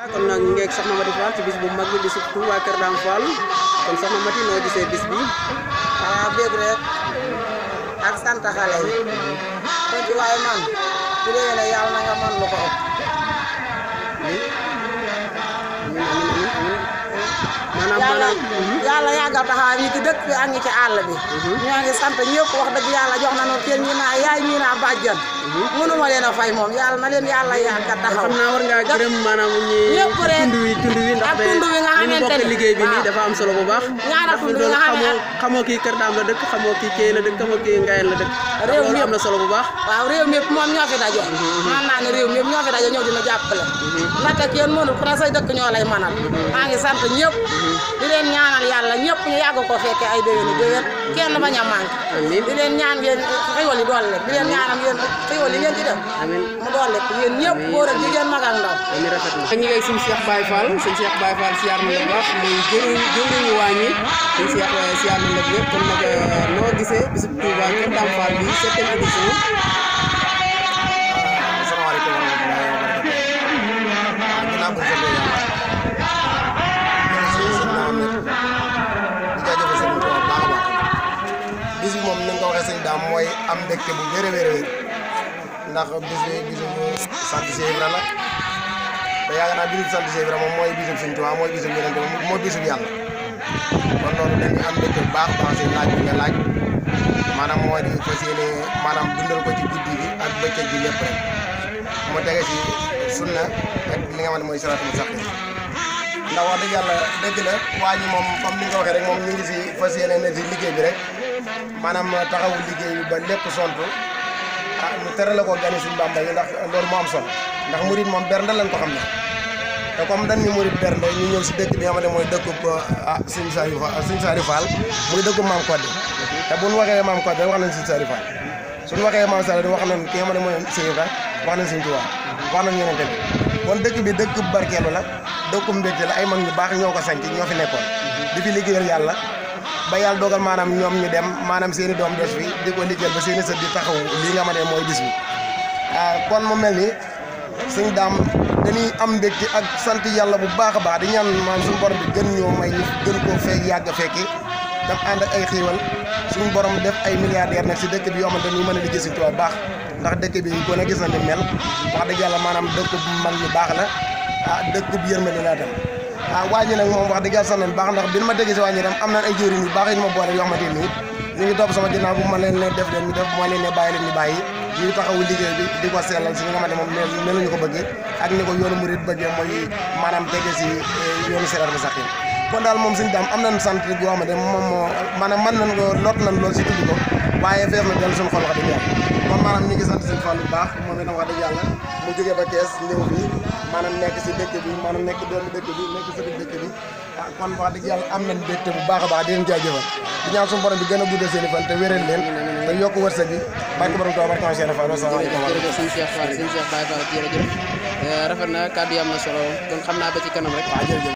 Ah, kon nag ñu ngi ak soxna Mati ci bis bu mag bi di surtout waa Kër Dame Fall kon soxna Mati noo gisee bis bi. ah bëgg rek ak sant xale yi. te mm-hmm. waaye man bu dee yàlla na nga mën lu ko yàlla yàlla yàggal taxawaay ñi ci dëkk bi ak ci àll bi ñoo ngi sant ñëpp wax dëgg yàlla jox na noonu kenn ñi naa yaay ñi naa bàjjan mënuma leen a fay moom yàlla na leen yàlla yàggal taxaw xam naa war ngaa gërëm maanaam ñi ñëpp rek tund wi tund wi ndax tund wi nga xamante ni bokk liggéey bi nii dafa am solo bu baax ñaara tund wi nga xamoo xamoo kii Kër Daam la dëkk xamoo kii la dëkk xamoo kii la dëkk réew mi am na solo bu baax waaw réew mi moom ñoo fi naa ne réew mi ñoo fi ñoo dina jàppale dëkk ñoo lay manal maa ngi sant ñëpp di leen ñaanal yàlla ñëpp ñu yàgg ko fekke ay déwéni déwén kenn bañ a manqué di leen ñaan ngeen xéwal yi doole di leen ñaanal ngeen xéwal yi ngeen di def mu doole yéen ñëpp góor ak jigéen mag ak ndaw ñu ngi lay suñ Cheikh Baye Fall suñ Cheikh Baye Fall siyaar na la baax muy am mbégte bu wér a wér a ndax bis bi bisu sant Cheikh Ibra la te yaakaar naa bisu moom mooy bisu Sëriñ Tuubaa mooy bisu Yonent bi mooy bisu yàlla kon loolu baax baax si laaj bi di fas ko ci guddi gi ak bëccëg gi lépp rek mu tege ci sunna ak li nga xam ne mooy salaatu mustaqim ndax wax dëgg yàlla dëgg la waa ji moom comme ni nga ko waxee rek moom ñu ngi si fas yéene ne si liggéey bi rek. maanaam taxawu liggéey bi ba lépp sontu ah ñu terale ko gani suñu Bàmba yi ndax loolu moo am solo ndax murit moom bernde lañ ko xam ne te comme dañ ñu murit bernde ñu ñëw si dëkk bi nga xam ne mooy dëkkub ah, Sëñ Saliou Fall ah, Sëñ Saliou Fall muy dëkkub Maam Codé te bu ñu waxee Maam Codé wax nañ Sëñ Saliou waxee Maam Saliou wax nañ ki nga xam ne mooy Sëñ Fall wax nañ Sëñ Tuubaa wax nañ ñeneen tamit kon dëkk bi dëkkub barkeelu la dëkkub mbégte la ay mag ñu baax ñoo ko sanc ñoo fi nekkoon di fi liggéeyal yàlla ba yàlla dogal maanaam ñoom ñu dem maanaam seeni doom des fi di ko liggéeyal ba seen i di taxaw lii nga ma ne mooy bis bi ah, kon mu mel ni suñ daam dañuy am mbégte ak sant yàlla bu baax a baax di ñaan maanaam suñu borom bi gën ñoo may ñu gën koo fekk yàgg fekki daf ànd ak ay xiiwal suñu borom def ay milliardaire nag si dëkk bi yoo xamante ni mën a liggéey si tool baax ndax dëkk bi ko a gis na ni mel wax dëgg yàlla maanaam dëkk bu mag ñu baax la ah dëkk bu yërmande laa dem ah waa ji nag moom wax dëgg yàlla baax ndax bi ma déggee si waa ji tam am nañ ay jëwriñ yu baax yi ñu ma boole yoo xamante ni ñu ngi topp sama ginnaaw bu ma leen ne def leen ñu def ma leen ne bàyyi leen ñu bàyyi ñu ngi taxawu di ko seelal si ñi nga xamante moom mel nañu ko bëggee ak ni ko yoonu murid bëggee mooy maanaam déggee si eh, yoonu seereer bi sax kon daal moom suñu daam am na sant goo xam ne moom moo maanaam mën nañ na lot nañ lool si tudd ko waaye feex na dellu suñu xol wax dëgg yàlla kon maanaam ñu ngi wax dëgg yàlla mu jógee ba kees ñëw fii nekk si dëkk bi maanaam nekk doomu dëkk bi nekk sëriñ dëkk bi ah kon wax dëgg yàlla bu baax a di leen jaajëfal di ñaan suñu borom bi gën a guddal seen i fan te wéral leen te yokk wërsëg bi barke borom barke seen euh, am solo kon xam naa ba ci kanam rek